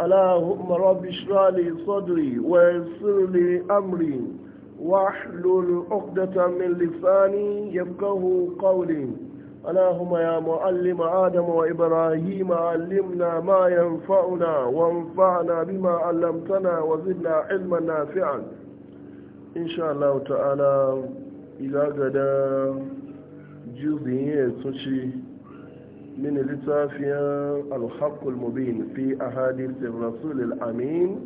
اللهم رب اشرح لي صدري ويسر لي امري واحلل عقدة من لساني يفقه قولي اللهم يا معلم آدم وإبراهيم علمنا ما ينفعنا وانفعنا بما علمتنا وزدنا علما نافعا إن شاء الله تعالى إلى غدا جزئية تشي من لتافيا الحق المبين في أحاديث الرسول الأمين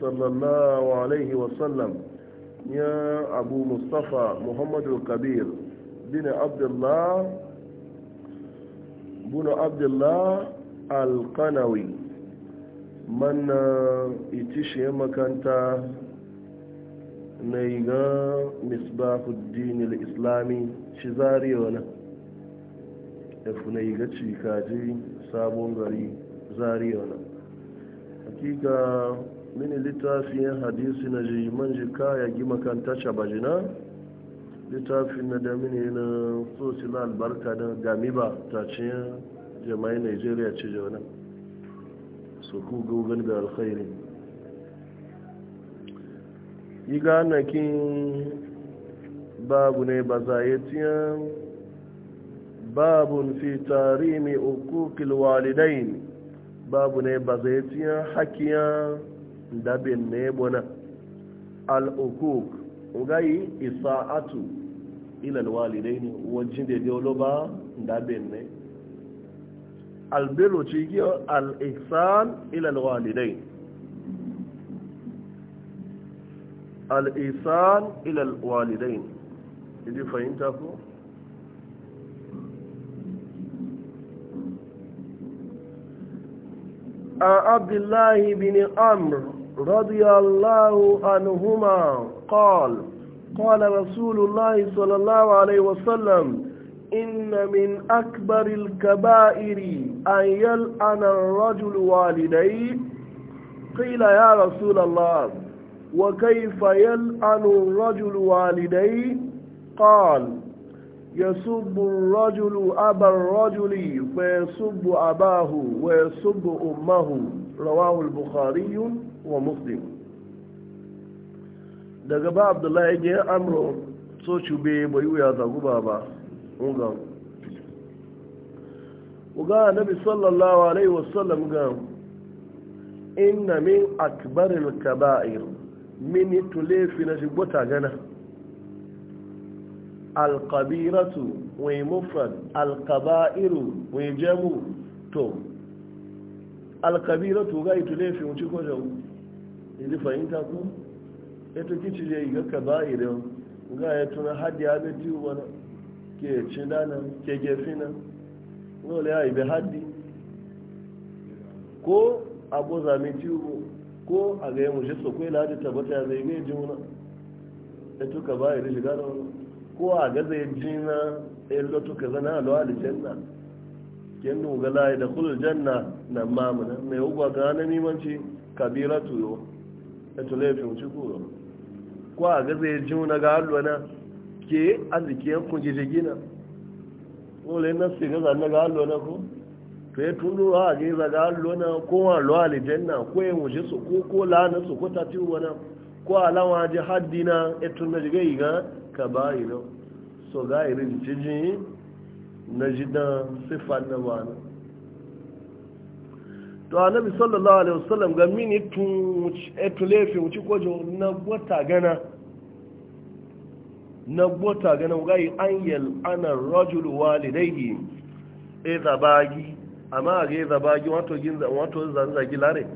صلى الله عليه وسلم يا أبو مصطفى محمد الكبير بن عبد الله بن عبد الله القنوي من اتشي مكانتا نيغا مصباح الدين الإسلامي شزاريونه da funai e ga cikaji sabon gari zari na hakika mini littafin hadisi na ji manji kaya gi makanta shabajina littafin na da mini na sosila albarka na gamiba ta ciyar jama'in nigeria ce jauna su ku gogon da alkhairi yi ganakin babu ne ba za a yi tiyan babun fi tarimi hukukil walidain babu ne ba zai tiya hakiya dabin ne bona al'ukuk ugayi isa'atu ilal walidaini wajen da diolo ba dabin ne albiru cigiyo al'ihsan ilal walidain al'ihsan fahimta ko? عن عبد الله بن عمرو رضي الله عنهما قال قال رسول الله صلى الله عليه وسلم إن من أكبر الكبائر أن يلعن الرجل والديه قيل يا رسول الله وكيف يلعن الرجل والديه قال يسب الرجل أبا الرجل ويسب أباه ويسب أمه رواه البخاري ومسلم daga ba abdullahi ya yin amro so cube bai wuya zagu ba ba uga nabi sallallahu alaihi wasallam ga inna min akbaril kaba'ir min tulefi na shi gana alkabiratu wai mufrad alkaba'iru wai jamu to alkabiratu ga ito fi wuce ko jau ili fahimta ku ito kici je ga kaba'irin ga ya na hadi ya gaji ke cina ke gefi n'ole ya ibe haddi ko abu zami tiwo ko a ga yi mu je sokwai ladi tabbata ya zai gaji wuna ito kaba'irin shiga da wani ko a gaza ya ji na ɗayan ka zana a lawa da janna ken nuga layi da kulul janna na mamuna mai hukwa ga na mimanci kabira tuyo da tulefin ci kuro ko a gaza ya ji na ga na ke arziki yankun gijigina wale na su gaza na ga na ko to ya tunu a gaza ga na ko a lawa da janna ko ya wuce su ko ko lana su ko ta ci na ko alawa ji haddina ya tunna jigai ga ka bayi lau so za a ga irin cijin na jidan siffar na ba na to annabi sallallahu alaihi wasallam ga mini tun etulefi wuce eh, kwajo na gwata gana na gwata gana ga yi an yal ana rajulu walidaihi e zabagi amma ga yi e zabagi wato zanzagi lare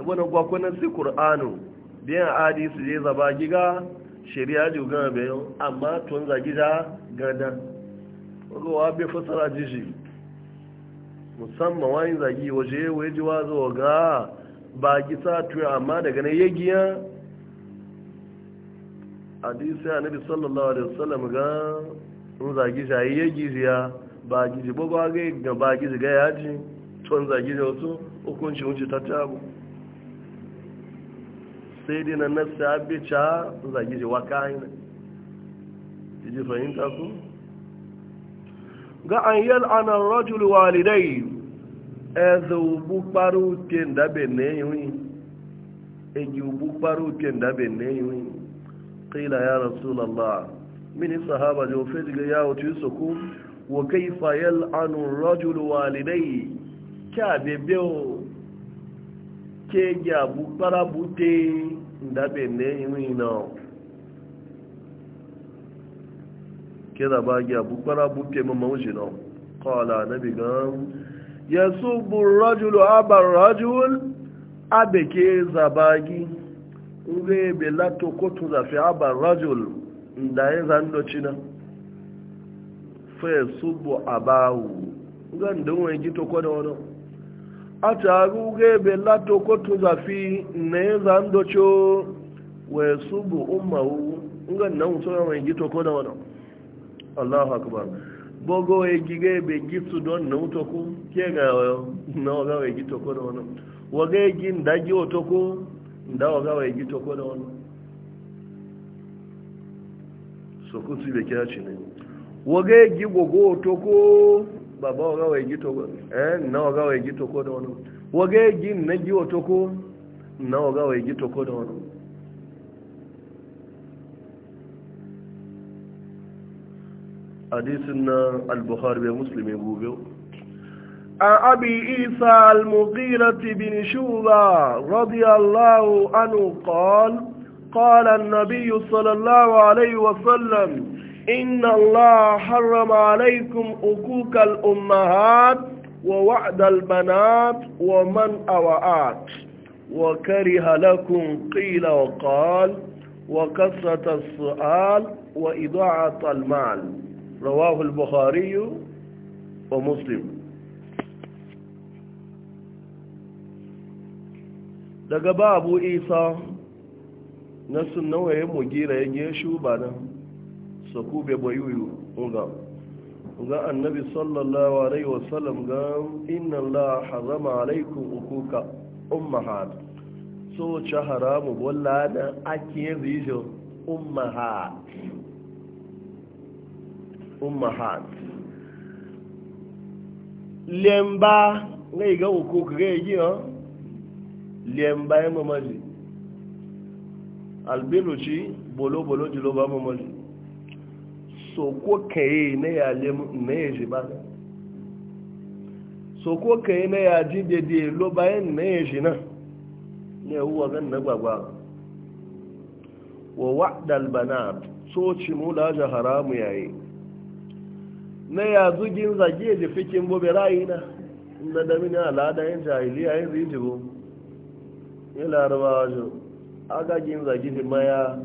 ibn gwakwanan si qur'anu biyan hadisi e zabagi ga shari'a ji gana bai yau amma tun zagi da gada ruwa bai fasara jishi musamman wani zagi waje waje wazo ga ba gisa tuya amma daga na yagiya hadisi annabi sallallahu alaihi wasallam ga in zagi shayi yagi ziya ba gizi ba ga ba gizi ga yaji tun zagi da wasu hukunci wuce ta tabu sai dai na nafsi abin ca zagi ji waka ainihin ta ji fahimta ku ga an yal ana rajul walidai ẹzọ e ugbu kpara uche ndabe na enyi eji ugbu e kpara uche ndabe na enyi qila ya rasulallah mini sahaba ji ofe jiga ya otu isoku wa kaifa yal anu rajul walidai kya bebe o ke gyabu fara bute dabe ne imi na ke zaba gyabu fara bute mamman wuce na kọla na bigan ya subu rajulu abar rajul abe ke zabagi nge belato kotu zafi abar rajul da ya zando cina fe subu abawu ga ndonwe gito kwada wadanda achaghị uge ebe latokotu zafi na ịza ndocho wee subu umawu nga na nwụsọ ya nwere toko na wana allahu akbar bogo egiga ebe gitu don na utoku ke ga na oga wee toko na wana waga egi ndagi otoko, nda oga wee toko na wana sokutu ibe kya chine waga egi gogo otoko. baba waga wai gito eh na waga wai gito ko da wani waga ji na gi wato ko na waga wai gito ko do no hadisin na al-bukhari bai muslimi gobe عن أبي إيسى المغيرة بن شوبة رضي الله عنه قال قال النبي صلى الله عليه وسلم إن الله حرم عليكم أكوك الأمهات ووعد البنات ومن أوعات وكره لكم قيل وقال وكثرة السؤال وإضاعة المال رواه البخاري ومسلم daga babu isa na sunawaye mugira yake shuba so ku be boyuyu nga nga annabi sallallahu alaihi wa wasallam ga inna allah harama alaikum ukuka ummahat so cha haramu walla da ake rijo ummahat ummahat lemba ngai ga ukuka ga yi lemba ya mamaji albiru ci bolo-bolo ji lo ba mamaji so ko kaye na yale na ji ba so ko kaye na ji dede lo bayan na ji na ne huwa gan na gbagba. wa wa'dal banat so ci mula ja haramu yayi na ya zugin zage ji fikin bobe rayi na na dami na alada yin jahiliya yin rijibo ya larabawa jo agagin zage ji maya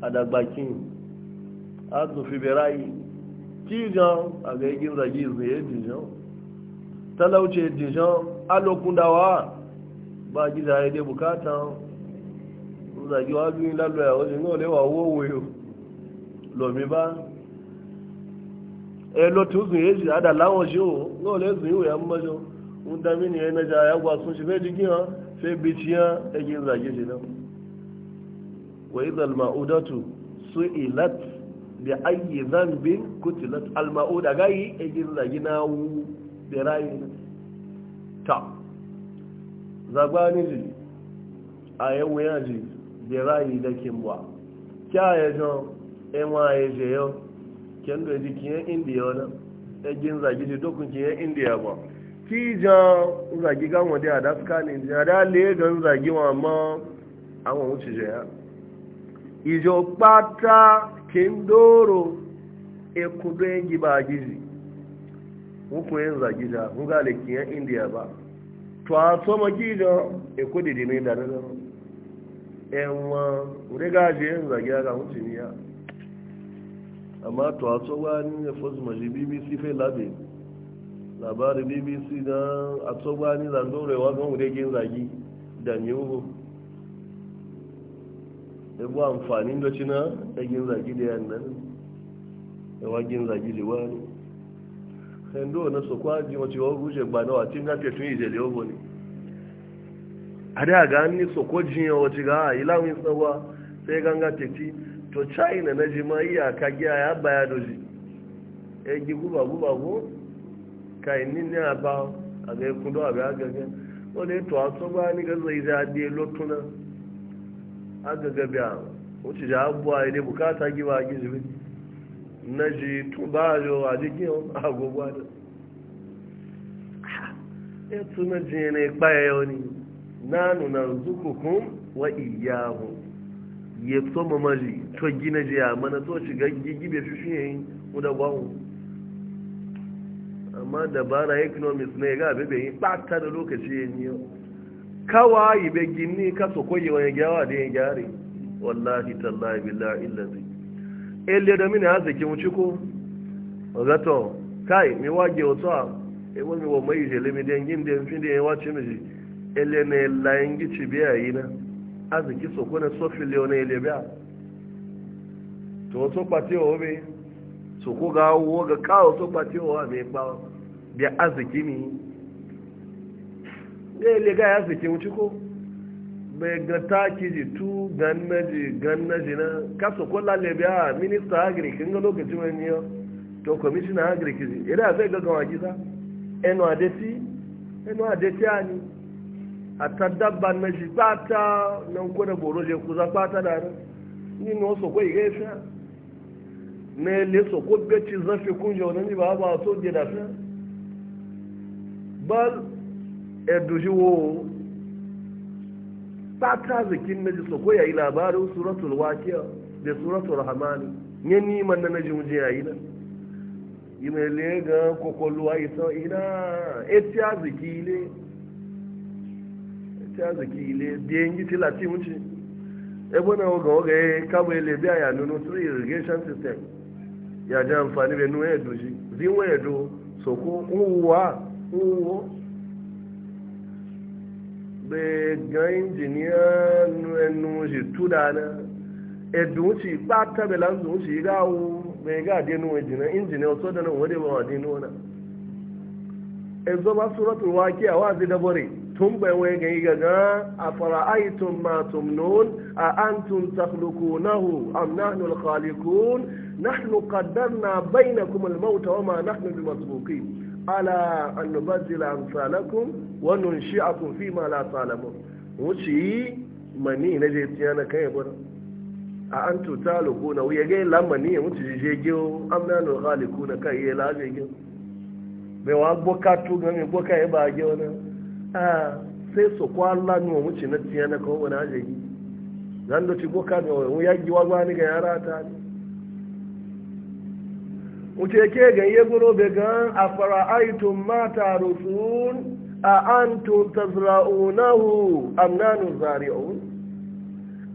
a dagbakin azufi berayi tijan a ga igin zagi zai dijon talauce dijon alokun dawa ba gida ya dai bukata zagi wa wajen lomi ba e lotu zun yeji ada lawon shi o yau le zun yiwu mmajo n dami ni ya naja ya gwa sun shi fe jigi ha fe bici ha egin zagi wa su ilat bi ayi zanbin kutilat alma'u da gayi egin zagi na wu da rayu ta zagbani ji a yawon yaji da rayu da kimwa kya ya jan enwa ya je yau kyan ji kiyan indiya wani egin zagi ji dokun kiyan indiya ba ki jan zagi gan wade a daska ne ji a da le gan zagi wa ma awon wuce je ya ijo pata kindoro ekudengi bagizi mukuyenza gida mugalekiya india ba twasoma gido ekudidini danano enwa uregaje yenza gida kamutiniya amma twasogwani efosimaji bbc fe labe labari bbc na asogwani zandoro ewagan enza gi danyewo bu amfani da cina ɗagin zagi da yan nan yawagin zagi da wani hendo na su kwaji wace wa guje ba na watin na fetun ije da yau ne a da ga an ni sokojin ya wace ga a ah, ilawin tsawa sai ganga teki to china na ji ma iyaka giya ya baya doji ya e gi guba guba ko kai ni ne a ba a ga e kudo a ga gaga wani to a so ni ga zai da dai lotuna agaga biya wuce da abuwa ya dai bukata giba a gizi na ji tun ba a jo a jikin agogwa da ya tuna ji na ikpaya yau ne na nuna zukukun wa iyahu ya to mamaji to gina jiya mana to shiga gigibe shi shi yayin kuda gwawo amma dabara economics ne ga abin yin ɓata da lokaci ya yi yau kawa yi be gini ka koyi wani gyawa da yin gyari wallahi tallahi billahi illazi ele da mini azaki mu ciko gato kai mi wage oto a e wo mi wo mai je le mi den gin den fin den wace mi ele ne layin gici biya yi na A so ko na sofi le ona ele biya to to pati o be so ko ga wo ga kawo to pati o a mai pa biya azaki mi ga ile ga ya sake wuce ko bai ga taki ji tu gan na ji gan na ji na a minista agri kin ga lokaci wani yau to commissioner agri kizi ina zai ga gawa gisa eno adeti eno adeti ani atadaba na ji bata na nkwana boro je kuza bata da na ni no so ko igefa ne le so ko gaci zafi kunjo na ni ba ba so je da fa bal erdoji wo ta zikin na ji soko ya yi labarin suratul wakiya da suratul rahmani ni niman na najin je ya yi nan yi mai lega kokoluwa isa ina eti aziki ile eti aziki ile biyan giti lati wuce ebe na ga oga ya kama ile biya ya nuna through irrigation system ya ji amfani da nuna edoji zinwa edo soko nwa nwo be ga injiniya nu shi tuda na edu shi kpata belan su shi ga wu be ga de nu injina injiniya so na wade ba wa de nu na ezo ba suratul waqi'a wa zai dabore tun bai wai ga yi gaga a fara'aitun ma tumnun a antum takhluqunahu am nahnu al-khaliqun nahnu qaddarna bainakum al-maut wa ma ala an nubaddila wannan shi a kun fi ma la talamu wuce yi mani na je tiya na kan yabo a an tuta lugu na wuya gai lamani ya wuce je giyo amna no khaliku na kai ya laje giyo bai wa boka tu ga mai boka ya ba giyo na a sai so kwa Allah no wuce na tiya na kan wani aje gi zan do ti boka ga wuya giwa ba ni ga yara ta ne wuce ke ga yeguro be a afara aitum mata rusun a nahu tazra'unahu am nanu zari'un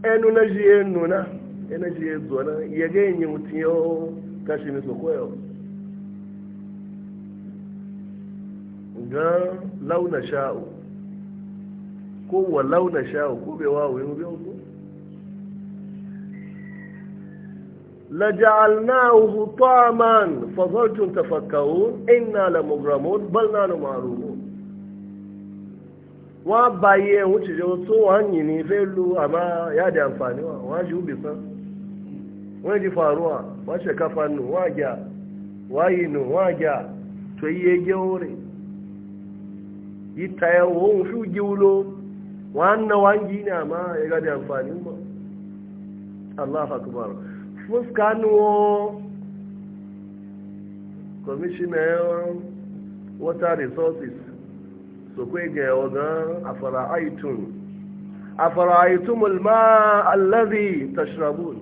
enu na jiye nuna ena jiye zona yage yin mutum yau kashi mi so koyo ga launa sha'u ko wa launa sha'u ko لجعلناه طعما فظلتم تفكرون إنا لمغرمون بل نحن معروف wọ́n bá yẹ òun ti ṣe tó wọ́n ń yìn ní fẹ́ wa wọ́n ṣe ubì sán wọ́n wa wọ́n ṣe káfa nù wọ́n àjà wọ́n yìí nù wọ́n àjà tó yẹ jẹ́ òrè ìta ẹ̀ òun fi jí wúlò wọ́n na wọ́n ní yáàdì àǹfààní wa resources. su kai ga yawa gan a fara'aitun a fara'aitun ma allazi tashrabun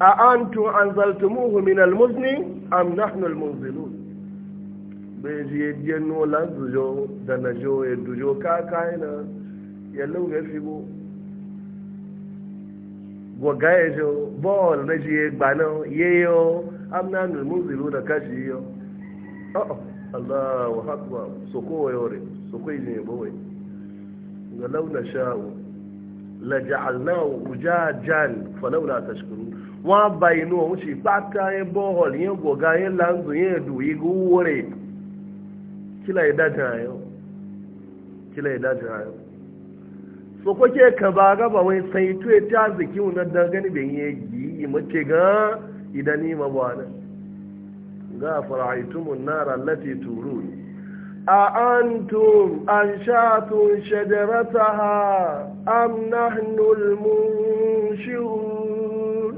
a an tun an zaltumuhu min almuzni am nahnu almunzilun bai ji yadda nola zujo da na jo ya dujo ka kaina ya lauga figo gwaga ya jo bol na ji ya gbana yayo am nahnu almunzilun da kashi yayo oh, oh, Allah wa hakwa so kowa yore sukwai ne bawai ga launa sha'u la ja'alna ujajan fa laula tashkuru wa bayinu wa shi pata ya bohol ya goga ya lanzu ye du yi gure kila ida tayo kila ida tayo so ko ke ka ba ga ba wai sai to ta ziki wannan dangane ben ye yi mace ga idani mabwana ga fara'aytumun nara allati turu. أأنتم أنشأتم شجرتها أم نحن المنشئون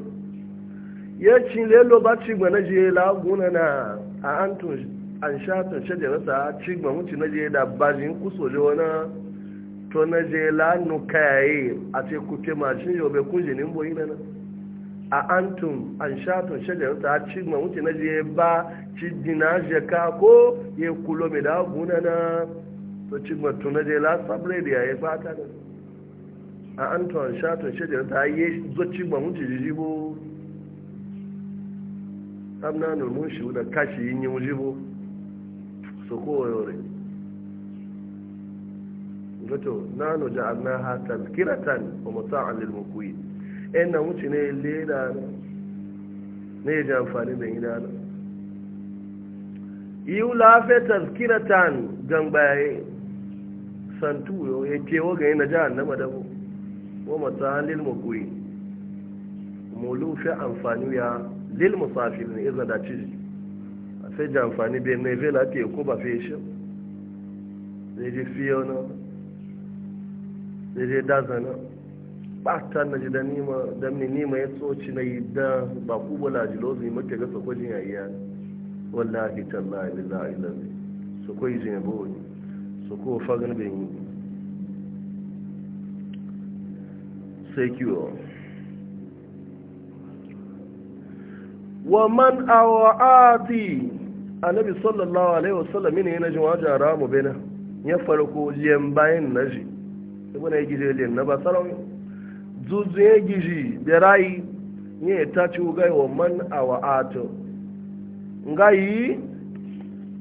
يكشن ليلو باتشي باتشيك منجي لابوننا أأنتم أنشأتم شجرتها تشيك بموتي نجي لابازين كسو جونا تو na je lanu kayaye a ce kuke mashin yau bai a antum an shatun shajar ta ci ma wuce na je ba ci dina jaka ko ya kulo mai da guna na to ci ma tuna je la sabre da ya fata da a antum an shatun shajar ta yi zo ci ma wuce jijibo amna nulmun shi wuda kashi yin yi wujibo so kowa yore gato nanu ja'alnaha kiratan wa mata'an lil muqwin yan na wuce ne leda na ne ya ji amfani da gida na yiwu lafe taskiratan gan bayaye santu ya e kewa ga yana jihar na madabu wa matsalin makoyi mulufe amfani ya lil musafir ne iza da ciji a sai ji amfani bai mai vela ke ko ba feshi zai ji fiye na zai ji dazana bata na ji da nima da mini nima ya tsoci na yi da ba ku bala ji zai maka ga sakwajin ya iya wallahi tallahi lillahi lillahi su ko izin ya bori su ko fagen bin yi sai kiwo wa man awa'ati annabi sallallahu alaihi wasallam ne yana jin wajen ramu bena ya farko liyan bayan naji ibn ya gije liyan na ba sarau zuzuye gizi da rai ne ta ci gai wa man a wa'atu ngayi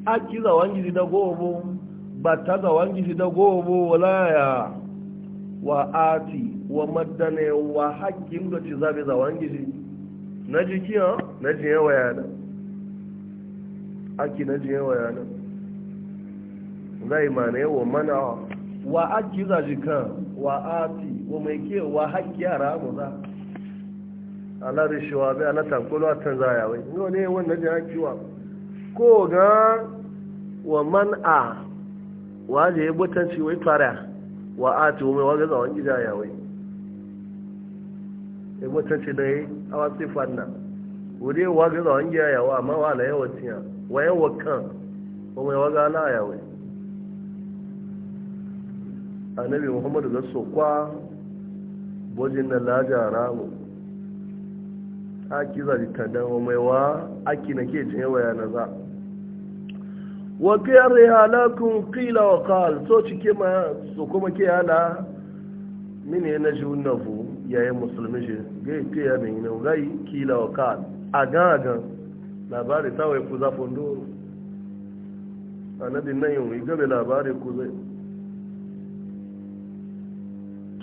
a ki zawon gizi da gobo ba ta zawon gizi da gobo walaya wa'ati wa maddane wa hakkin da ci zabe zawon gizi na jikiya na jiye wa yana aki na jiye wa yana zai mane ne wa mana wa aki za kan wa'ati wa mai kewa haƙƙi za ala rishewa bai ala tankolo a tan zaya wai no ne wannan jin haƙƙiwa ko ga wa man a wa je ya butanci wai fara wa a ti mai wa gaza wani gida ya wai ya butanci da ya awa sifan nan wuri wa gaza wani gida ya wa amma wa ala yawan tiya wa yawan kan wa mai wa gala ya wai annabi muhammadu da sokwa bojin na laja ramu aki zaji tadan mai wa aki na ke cin yawa yana za wa kiyarri halakun kila wa kal so cike ma so kuma ke yana mini na ji nafu yayin musulmi shi gai ke ya mai na gai kila wa kal a gan a gan labari ta wai ku zafin doro nadin nan yin gabe labari ku zai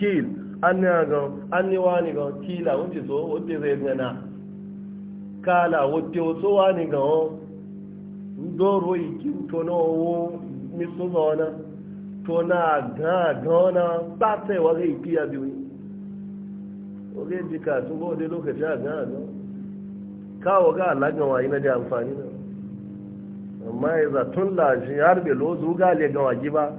kila an na gan an ni wani ga kila wunci so wadda zai gana kala wadda wasu wani gan ndoro iki to na owo misu zauna to na gan gana ba ta yi wa zai fiya biyu ne oge jika sun go dai lokaci a gan gan kawo ga alagan wayi na da amfani na amma ya zatun lashi har belo zuga le gawa giba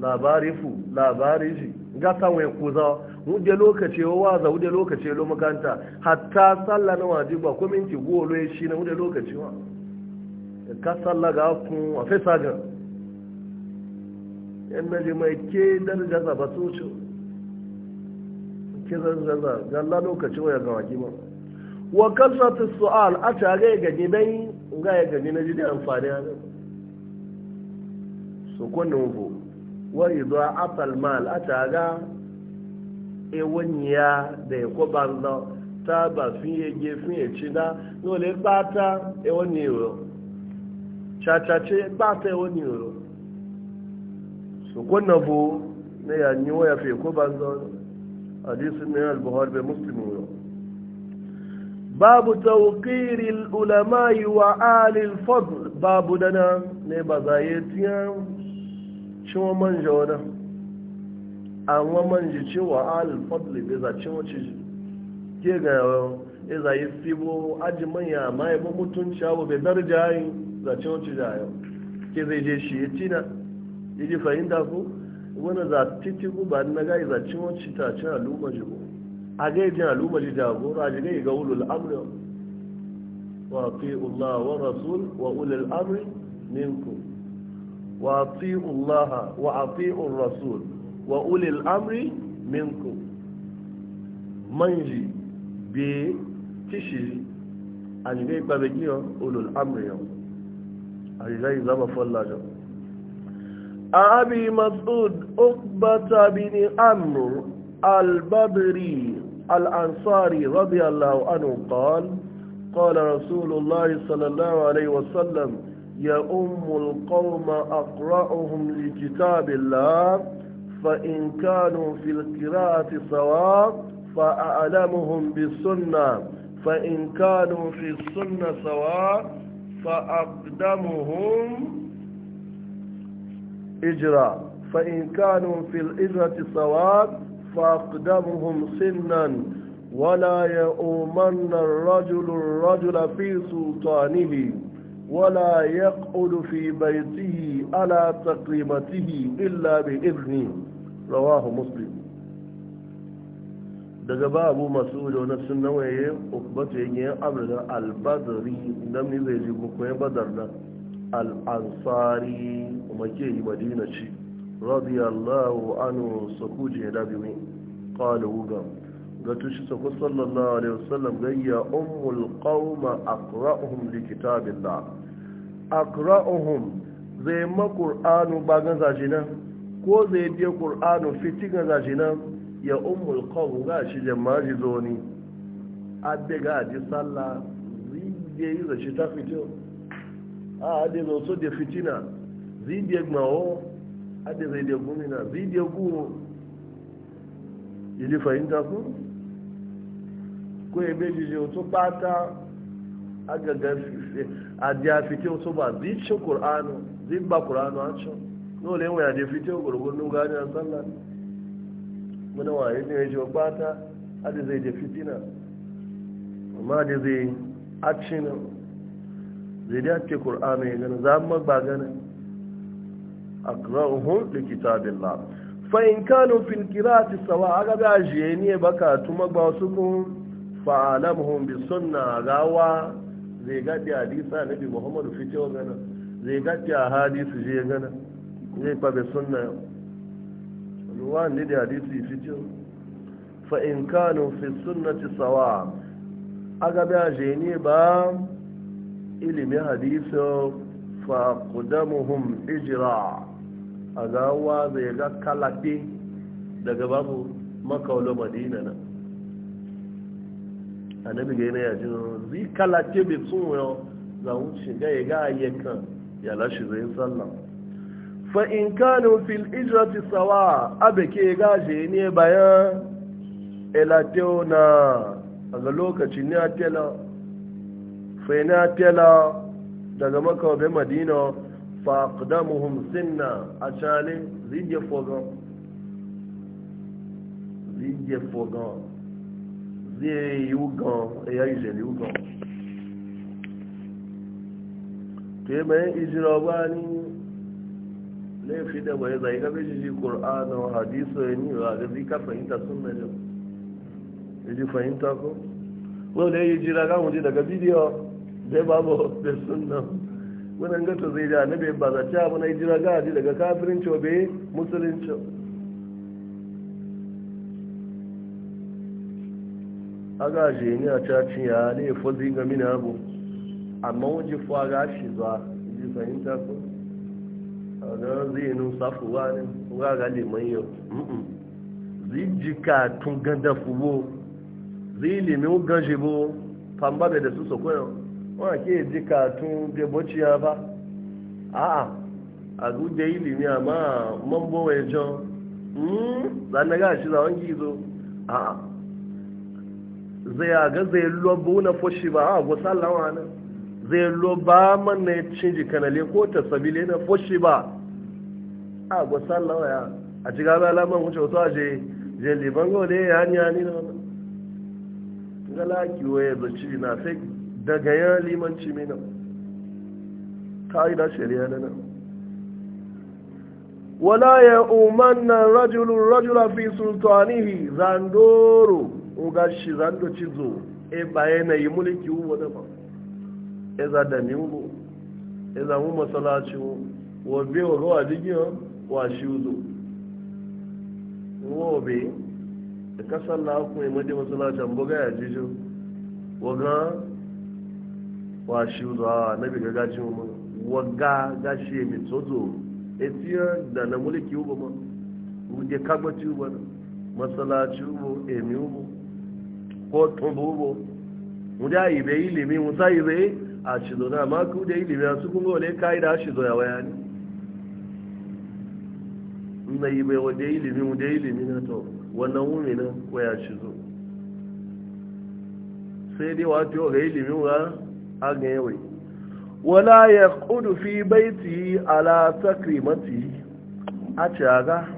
labari fu labari shi gasa wai kuza wuɗe lokaci wa za da lokaci lo makanta hatta sallah na wajiba ko ci golo ya shi na wuɗe lokaci wa ka sallah ga ku a fesa ga yan naji mai ke daraja za ba su ce ke zanzaza ga lokaci wa ga waki ma wa ta su'al a ta ga ga ni dai ga ga ni na ji da amfani a nan so ko ne mu wari zuwa afal mal a taga ewoniya da ya kwaba nọ ta ba fi ye ge fi ye ci na n'ole kpata ewoni ro chachache kpata ewoni ro sokonna bu ne ya nyi waya fi kwaba nọ hadisi ne al-buhari be muslim ro babu tawqiri al yi wa ali al-fadl babu dana ne ba za ye tiyan cewa manja wani amma manji cewa alfadli bai za cewa ci ke ga ya za yi sibo ajin manya ma ya bin mutunci abu bai dar jayi za cewa ci jayo ke zai je shi ya ci na ya ji fahimta ku wani za titi guba na gai za cewa ci ta ci al'umma jibo a gai jin al'umma ji jagora a ji gai ga ulul amri wa fi Allah wa rasul wa ulul amri minkum واطيعوا الله واطيعوا الرسول واولي الامر منكم منجي بي تشي ان جاي بابجيو اولو الامر يوم اي جاي زما فلاج ابي مسعود عقبه بن عمرو البدري الانصاري رضي الله عنه قال قال رسول الله صلى الله عليه وسلم يؤم القوم أقرأهم لكتاب الله فإن كانوا في القراءة سواء فأعلمهم بالسنة فإن كانوا في السنة سواء فأقدمهم إجرا فإن كانوا في الإجرة سواء فأقدمهم سنا ولا يؤمن الرجل الرجل في سلطانه ولا يقعد في بيته على تقريبته إلا بإذنه رواه مسلم daga babu masudu na sunawaye ukbatu yanyi amurka albadari idan ni zai ji mukuwa badar na al'ansari kuma ke yi madina ci radiyallahu anu saku je da biyu kala wuga ga tushe saku sallallahu alaihi wasallam gayya ummul qawma aqra'uhum li kitabillah aqra'uhum zai ma qur'anu bagan zajina ko zai je qur'anu fitiga zajina ya ummul qawm ga shi jama'i zoni adde ga ji sallah zide yi zaci ta fito a ade zo so de fitina zide gmawo adde zai de gumina zide guwo ili fahimta ku ko ebe jiji o to pata aga gafi a dia fitin su ba zicin qur'anu zin ba kur'anu a cin dole yawa waya je fitin gurgurnu gani a sallah muna waye ne ya jiwa bata adi zai je fitina amma da zai a cin zai da ke kur'anu ya gani za mu ba gani da kita bin la in kanu fil ti sawa aga ga jiye ne baka tuma ba su kun fa alamhum bi sunna gawa zai gadi hadisa nabi muhammadu fito gana zai gadi a hadisu je gana zai kwabe sunna ruwa ne da fi fito fa in kanu fi sunnati sawa a je ne ba ilimi hadisu fa qudamuhum ijira a gawa zai ga kalafi daga babu makaulo madina na annabi ga yanayi ajin zai kalace bai tsun wayo za mu shiga ya ga ayyukan ya lashe zai sallah fa in kanu fil ijrati sawa abeke ga je ne bayan elateo na a ga lokacin ne atela fa na atela daga maka bai madina fa aqdamuhum sinna a chale zai je fogon zai je zai yi wugan ya yi jeli wugan to yi bayan ijira ba ni laifi da bai zai ga bai jiji ƙur'anin hadisu ya ni ba ga zika fahimta sun na jin jiji fahimta ko wanda ya yi jira ga wuje daga bidiyo zai babu da sunna wannan gato zai da na bai ba za ta abu na jira ga daga kafirin cobe musulunci aga je ni a caci ya ne fuzi ga mini abu amma wajen faga shi ba ji fahimta ko a ga zinu nun safu wa ne ga liman yau zai jika tun ganda fubo zai limin gashi bo famba da su so koyo wa ke jika tun da ya ba a'a a guje ilimi amma man bowaye jan mm-hmm. zanen gashi zawon gizo a'a zai ga zai lobo na fushi ba a gusa nan. zai loba mana ya cinji kanale ko ta sabile na fushi ba a gusa lawaya a ci gaba alamar wuce wasu a je je liban gole ya ni ya ni na wani gala kiwo ya zaci na sai daga yan limanci mina ta yi da shari'a na nan wala ya umarna rajulun rajula fi sultanihi zandoro oga shi zando ci e ba yanayi mulki ubo da ba e za da mi ubo e za mu masalaci wo be wo wa digiyo wa shi uzo wo be da kasar na ku yi madi masalacin buga ya jijo waga wa shi uzo a nabi ga gashi mu waga gashi mi tozo etiyar da na mulki ubo ma wuje kagbati ubo masalaci ubo emi ubo ko tumbubo muda ibe ilimi musa ibe a shizo na ma ku da ilimi a sukun gole kai da ya waya ne na ibe wa da ilimi mu da ilimi na to wannan wumi na waya shizo sai dai wato ga ilimi wa aga ga yawai wala ya kudu fi baiti ala takrimati a caga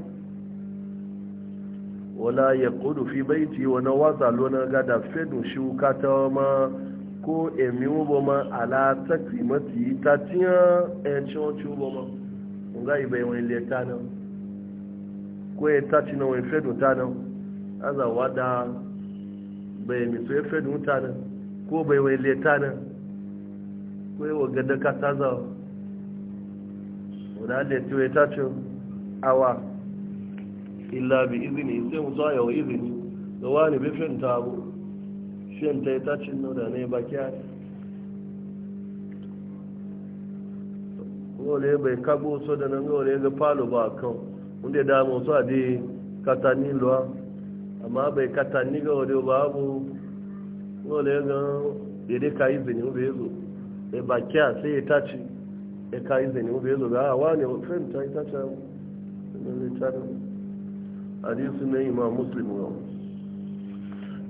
wala ya kudu fi baiti wani watsa lona gada fedun shi kata ma ko emi ubo ma ala taksi ta tiya e ma nga wani ta ko ya ta ci na wani fedun ta aza wada bai ya fedun ta ko bai wani ko ya ka ta e ta awa illa bi izini sai mu tsaya wa izini da wani bi fin tabo shin ta yi tacin ne ba kya wale bai kago so da nan wale ga falo ba kan wanda ya damu su a di katani luwa amma bai katani ga wale ba abu wale ga ya dai ka izini bai zo ya ba kya sai ya taci ya ka izini wani fin ta yi tacin حديث نيمة مسلم يوم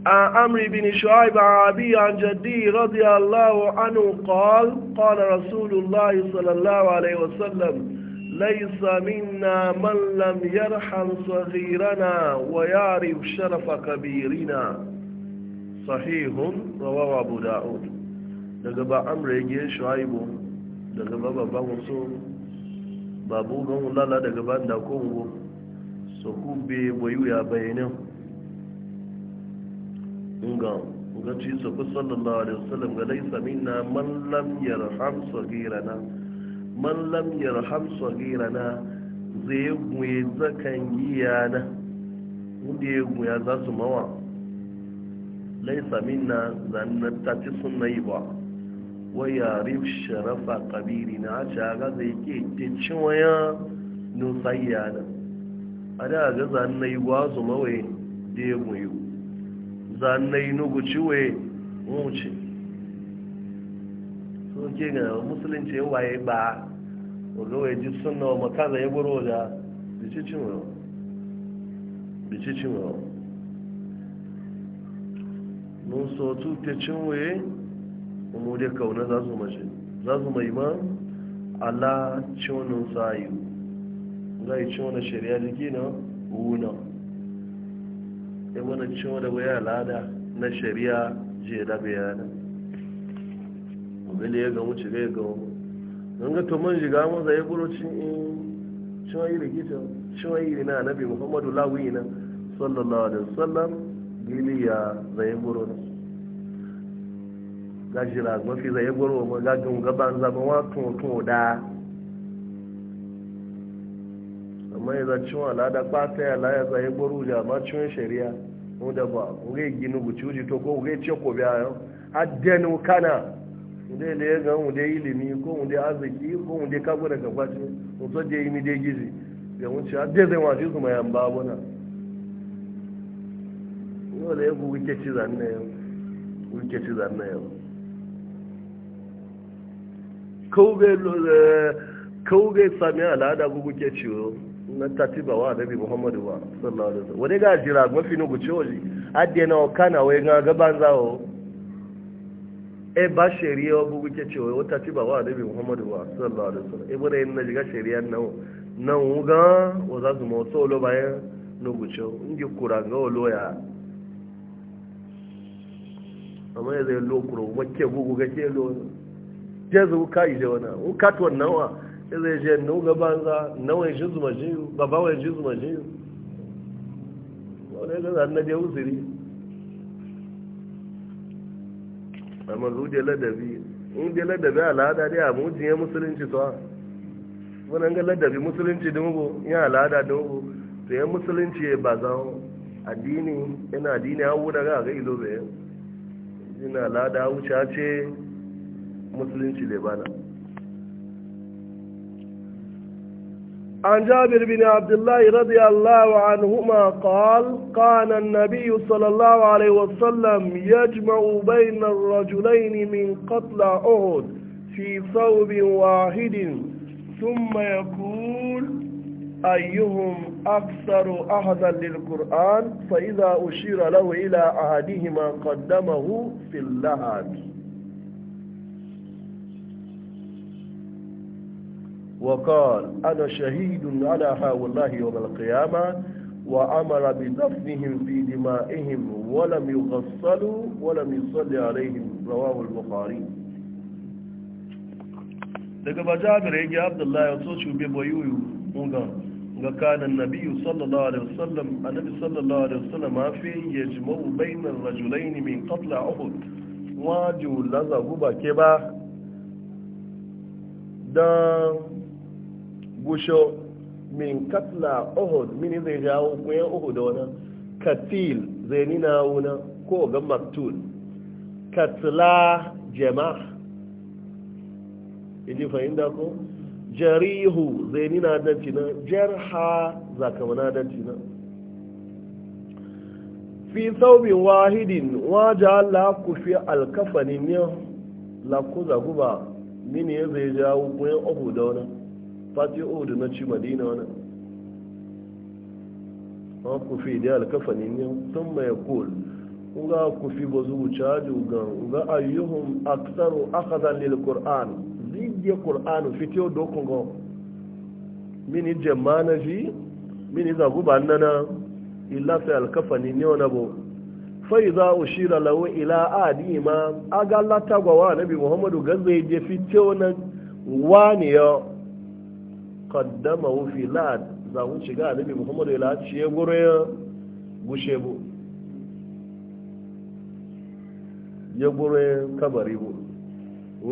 عن عمرو بن شعيب عربي عن جدي رضي الله عنه قال قال رسول الله صلى الله عليه وسلم ليس منا من لم يرحم صغيرنا ويعرف شرف كبيرنا صحيح رواه أبو داود daga امري amra شعيب shuaibu daga ba babban wasu babu gan lala so kube bayu ya bayanin ngan ci su ku sallallahu alaihi wasallam ga laisa minna man lam yarham sagirana man lam yarham sagirana zai mu zakan giyana inda ya gwe za su mawa laisa minna na ta ci sunna yi ba wa rib sharafa kabirina a ga zai ke cin waya nusayyana a da ga zannai gwazo mawai da ya muyu zannai nugu ciwe wuce sun ke ga musulunci ya ba ga waye ji suna wa makaza ya buru da bicicin wa bicicin mun so tu te cinwe mu da kauna za su mace za su mai ma ala ciwonin sayu za yi cin wani shari'a jiki na wuna ya wani cin wani waya al'ada na shari'a je da bayanan wani ya ga wuce ga ya ga wani ga to man shiga maza ya buru cin in eh, cin wani rigita cin wani iri na anabi muhammadu lawi na sallallahu alaihi wasallam gili ya zai buro na gajira mafi zai buru ma gaggan gaban zama wa tun da amma za za alada lada kwata ya laya za ya gbaru da ma ciwon shari'a mu da ba uge gini buci uji to ko uge ce ko biya yau addenu kana ude da ya mu ude ilimi ko ude arziki ko ude kago daga kwace mutu da yi mi dai gizi da wuce adde zai wace su mayan babuna yau da ya ku ci zanne yau wike ci zanne yau kauge eh, sami al'ada gugu ke ciwo na tatiba wa nabi muhammadu wa sallallahu alaihi wasallam wani ga jira mafi nugu cewaji adde na kana wai ga gaban zawo e ba shari'a bu kuke cewa wa tatiba wa nabi muhammadu wa sallallahu alaihi wasallam e bada yin na jiga shari'a nan nan ga wa za su motsa lo bayan nugu cewa inji kuranga wa loya amma ya zai lo kuro makke bugu ga ke lo ke zuka ije wana ukatuwan nawa sai zai je nau gaban za nawa shi zuma jiyu baba wa shi zuma jiyu wani gaza na je usiri amma zuje ladabi in ladabi al'ada dai a mujin ya musulunci to wani ga ladabi musulunci mugu, ya al'ada mugu, to ya musulunci ba za addini yana addini hawo daga ga ilo bayan yana al'ada wuce ce musulunci na. عن جابر بن عبد الله رضي الله عنهما قال كان النبي صلى الله عليه وسلم يجمع بين الرجلين من قتل أهد في ثوب واحد ثم يقول أيهم أكثر أهدا للقرآن فإذا أشير له إلى أحدهما قدمه في اللهات وقال أنا شهيد على هؤلاء يوم القيامة وأمر بدفنهم في دمائهم ولم يغسلوا ولم يصلي عليهم رواه البخاري لكن جابر يجي عبد الله يصوص بيبويوي وكان النبي صلى الله عليه وسلم النبي صلى الله عليه وسلم في يجمع بين الرجلين من قتل أحد واجو لذا ببا كبا دان gusho min katla uhud mini zai jawo kuyan uhud wani katil zai nina wuna ko ga maktul katla jama'a iji fahimta ko jarihu zai nina danci na jarha zakamana danci na fi saubin wahidin waja allah ku fi alkafanin ne la zaguba mini zai jawo kuyan uhud wani fati odu na ci madina wannan ma ku fi da alkafani ne sun mai kul nga ku fi ba zuwa ga nga ayyuhum aksaru akhadha lil qur'an zidya qur'an fitiyo go mini jemana ji mini za guba nana illa fi alkafani yau na bo faiza ushira lahu ila adi ma aga latagwa wa nabi muhammadu gaza je fitio na wani yau qaddamahu fi laad za mu shiga annabi muhammadu ya laci ya gure ya gushe bu ya gure kabari bu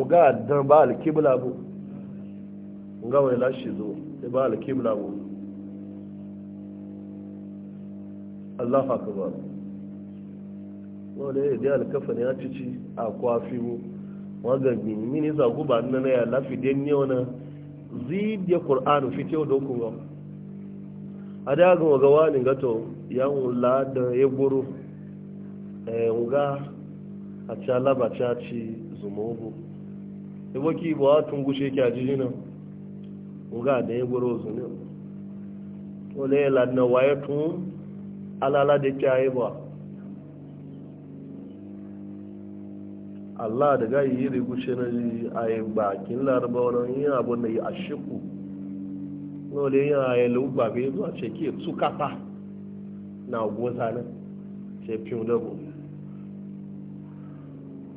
ga dan ba al kibla bu nga wani shi zo ya ba al kibla bu Allah akbar wanda ya da alkafa ne ya ci ci a kwafi mu wanda mini zaguba nan ya lafi den ne wani zidiya qur'anu fitiyo do kuma ada ga ga wani gato ya wula da ya guru a uga a chala ba chachi zumogo e boki bo atun gushe ki ajijina uga da ya guru zunio ole la na waye tun alala de kai ba Allah da gayi yi riguce na ayi bakin laraba wani yin abu na yi a shiku nole yin ayi lubba bai zuwa ce ke tsukata na goza nan ce fiye da bu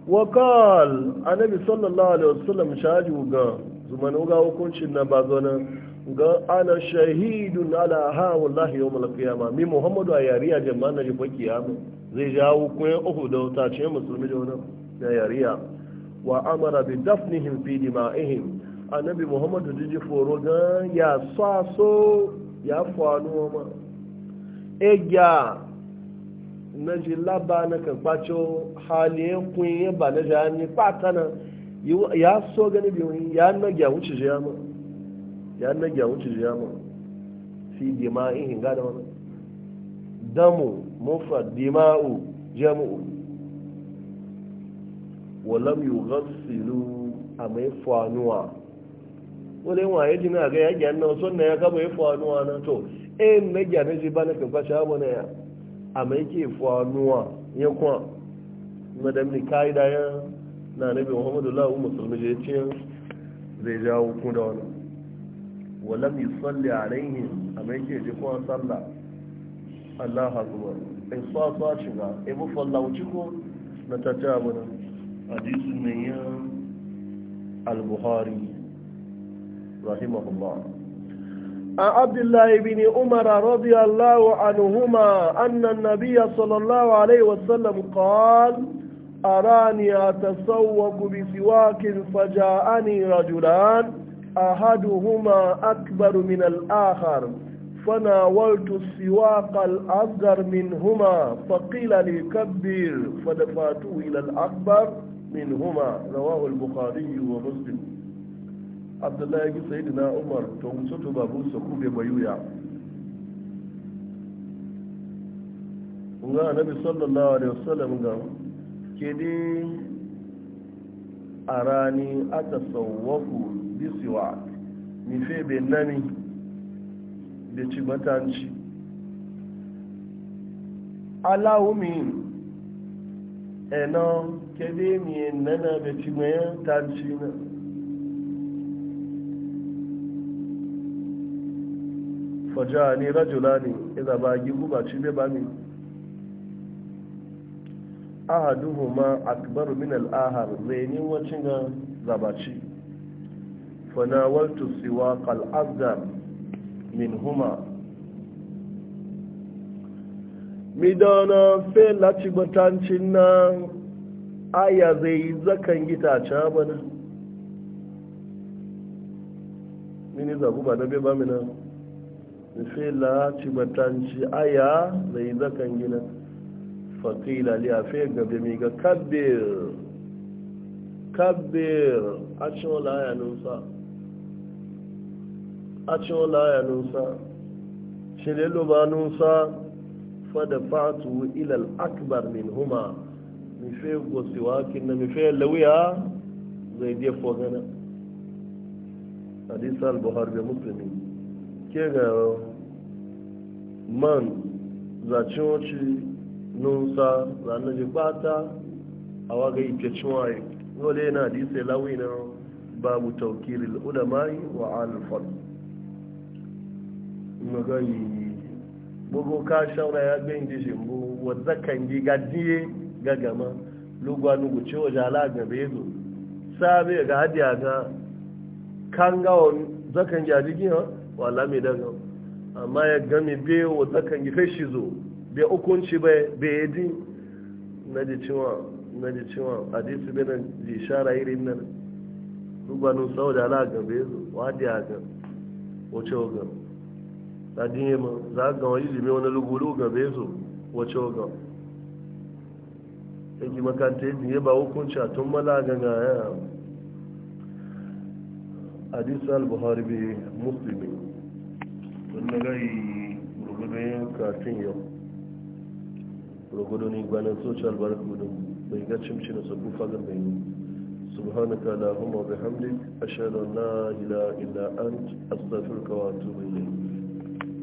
wakal annabi sallallahu alaihi wasallam shaji ga zumanu ga hukuncin na ba zo nan ga ana shahidun ala ha wallahi yawmul qiyamah mi muhammadu a yariya jama'a baki ya kiyama zai jawo kun ohu da ta ce musulmi da wani da yariya wa amara bi dafnihim fi dima'ihim annabi muhammadu jiji foro gan ya so ya fanu ma egya na ji laba na kan kwacho kun kunye ba na ni patana ya so gani biyu ya nage a wuce jama ya nage ya wuce ma, fi dima'ihin gada wani damu mufa dima'u jamu'u walam yughassilu amma yafanuwa wale wa yaji na gyan yaki annan sonna ya kaba yafanuwa na to eh na ga na ji bana kan fasha bana ya amma yake yafanuwa ya kwa madam ni kaida ya na nabi muhammadu lahu musulmi je ce zai jawo ku da wani walam yusalli alaihim amma yake ji kuma sallah Allahu akbar in sa sa shiga ibu fallahu ciko na tattabu nan حديث mai البخاري رحمه الله عن عبد الله بن عمر رضي الله عنهما أن النبي صلى الله عليه وسلم قال أراني أتسوق بسواك فجاءني رجلان أحدهما أكبر من الآخر فناولت السواق الأصغر منهما فقيل لي كبر فدفعته إلى الأكبر منهما رواه البخاري ومسلم عبد الله يجي سيدنا عمر تونسوتو بابو سكوب بيويا ga nabi sallallahu alaihi wasallam ga ke dai a rani a tasawwaku bisiwa nife benani da ci matanci eno kede mi nana be ci maya tanci na faja ni rajula ne iza ba gi guba ci be ba ni ahaduhuma akbar min al-ahar zainin wacin ga zabaci fanawaltu siwaq al-azab min huma midana fe laci batancin na aya zai zakan gita ca bana mini zabu ba na beba mina fe lati batancin aya zai zakan gina fakila liya fe gabe mi ga kabir kabir a cewa laya nusa a cewa laya nusa shi lo ba nusa fadafatu ila al-akbar minhuma mi fe gosewa kinna mi fe lawiya zai je fogana hadis al-buhari da muslimi ke ga man za zaciwoci nunsa zanen ji bata a waga ike ciwaye dole yana hadisai lawi na babu taukirin ulama'i wa alfal magayi bugu ka shaura ya gbin jishin bu wadda kan gi gadiye ga gama lugwa nugu ce waje ala ga bezo sabe ga hadiya ga kan ga zakan gi ajigin wala mai daga amma ya gami be wadda kan gi fashi zo be hukunci bai be ji na ji cewa na ji cewa hadisi bai na ji shara irin nan lugwa nugu sau da ala ga bezo wadiya ga wace wa gama dadin ma za ga wani lime wani lugulu ga bezo wace ga yake makanta yi ba hukunci a tun mala ga ya hadisu al-buhari bi muslimi tun yi gai rugudoyin katin yau rugudo ne gbanin social barcode bai ga cimci na sabu fagar bai yi سبحانك اللهم وبحمدك أشهد أن لا إله إلا أنت أستغفرك وأتوب إليك